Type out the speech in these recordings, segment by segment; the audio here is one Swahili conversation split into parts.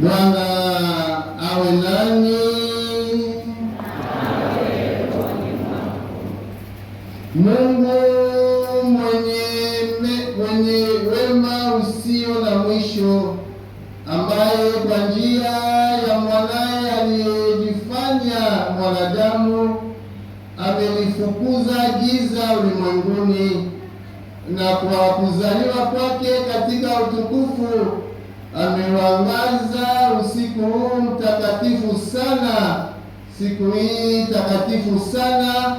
Bwana awe nani. Mungu mwenye mwenye wema usio na mwisho, ambaye kwa njia ya mwanaye aliyejifanya mwanadamu amelifukuza giza ulimwenguni na kwa kuzaliwa kwake katika utukufu amewangaza usiku huu mtakatifu sana, siku hii takatifu sana,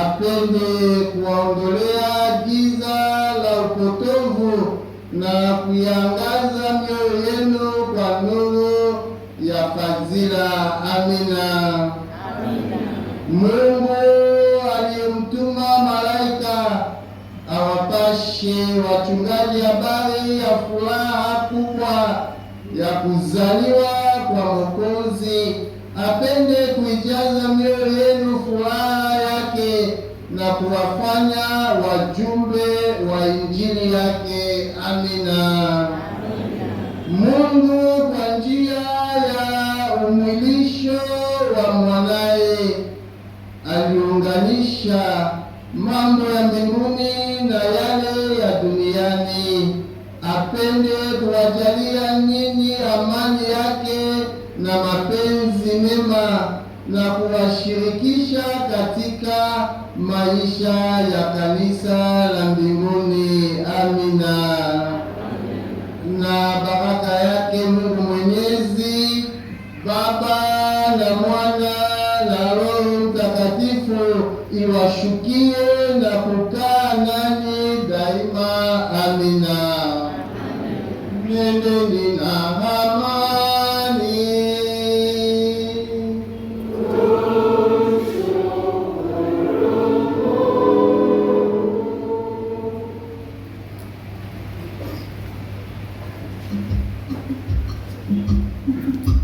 apende kuwaondolea giza la upotovu na kuiangaza mioyo yenu kwa nuru ya fadhila. Amina, amina. wapashe wachungaji habari ya furaha kubwa ya kuzaliwa kwa Mwokozi, apende kuijaza mioyo yenu furaha yake na kuwafanya wajumbe wa injili yake. Amina, amina. Mungu kwa njia ya umwilisho wa mwanaye aliunganisha mambo ya mbinguni na yale ya duniani. Apende kuwajalia nyinyi amani yake na mapenzi mema na kuwashirikisha katika maisha ya kanisa la mbinguni. Amina. Na baraka yake Mungu Mwenyezi, Baba na Mwana इ्रक्रीज थ्योर्णके लिप्रियों 사ो्ष्प्ष्प्रोंルク कि निप्रों स्विस्च्ण Сп�� collecting रिल्ड्म्टी प्रूर्ण